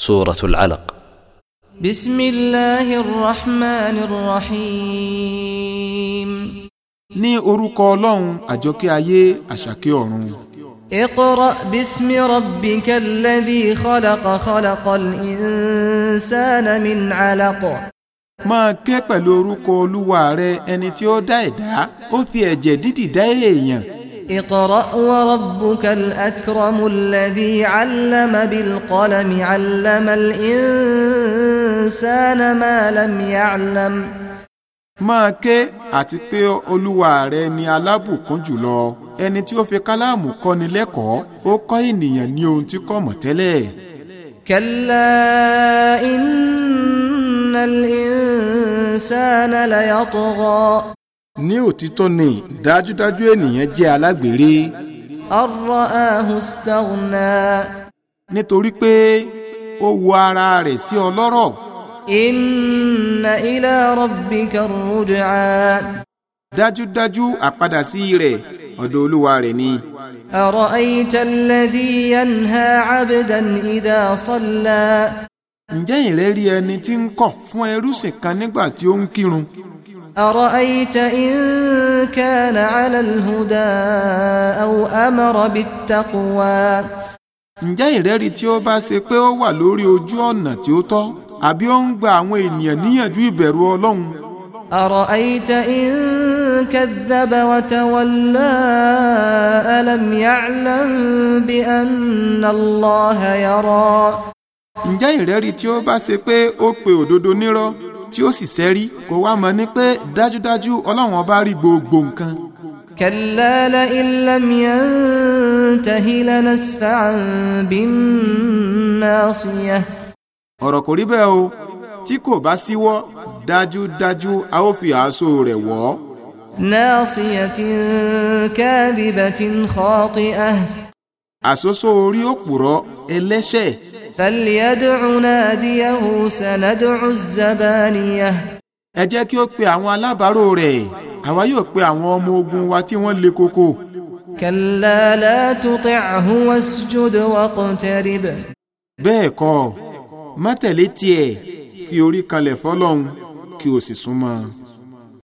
سورة العلق بسم الله الرحمن الرحيم ní orúkọ ọlọ́run àjọkẹ́ ayé àṣàkẹ́ ọ̀run. اقرأ باسم ربك الذي خلق خلق الإنسان من علق. máa ké pẹ̀lú orúkọ olúwa rẹ ẹni tí ó dá ẹ̀dá ó fi ẹ̀jẹ̀ dídì dá èèyàn اقرأ وربك الأكرم الذي علم بالقلم علم الإنسان ما لم يعلم máa ké àti pé olúwa rẹ ni alábùkún jùlọ ẹni tí ó fi kálámù kọ́ni lẹ́kọ̀ọ́ ó kọ́ ènìyàn ní ohun tí kò mọ̀ tẹ́lẹ̀. kalla innal insana layatgha ní òtítọ́ ni dájúdájú ènìyàn jẹ́ alágbèrè. Arra'ahu istaghna. nítorí pé ó wo ara rẹ̀ sí ọlọ́rọ̀. Inna ila rabbika ruj'a. dájúdájú àpadà sí rẹ̀ ọ̀dọ̀ olúwa rẹ̀ ni. أرأيت الذي ينهى عبدا إذا صلى. ǹjẹ́ ìrẹ́ rí ẹni tí ń kọ̀ fún ẹrúsìn kan nígbà tí ó ń kírun. أرأيت إن كان على الهدى أو أمر بالتقوى ǹjẹ́ ìrẹ́rí tí ó bá ṣe pé ó wà lórí ojú ọ̀nà tí ó tọ́ àbí ó ń gba àwọn ènìyàn níyànjú ìbẹ̀rù ọlọ́run. أرأيت إن كذب وتولى ألم يعلم بأن الله يرى. ǹjẹ́ ìrẹ́rí tí ó bá ṣe pé ó pe òdodo nírọ́ tí ó sì sẹ́rí kò wá mọ̀ ní pé dájúdájú ọlọ́run ọba rí gbogbo nǹkan. كلا لئن لم ينته لنسفعا بالناصية ọ̀rọ̀ kò rí bẹ́ẹ̀ o tí kò bá síwọ́ dájúdájú a ó fi àásó rẹ̀ wọ́. ناصية كاذبة خاطئة. àsosó orí òpùrọ́ ẹlẹ́ṣẹ̀. فليدع ناديه سندع الزبانية ẹ jẹ́ kí ó pe àwọn alábàárò rẹ̀ àwa yóò pe àwọn ọmọ ogun wa tí wọ́n le koko. كلا لا تطعه واسجد واقترب. bẹ́ẹ̀ kọ́ má tẹ̀lé tiẹ̀ fi orí kanlẹ̀ fọlọ́run kí o sì súnmọ́.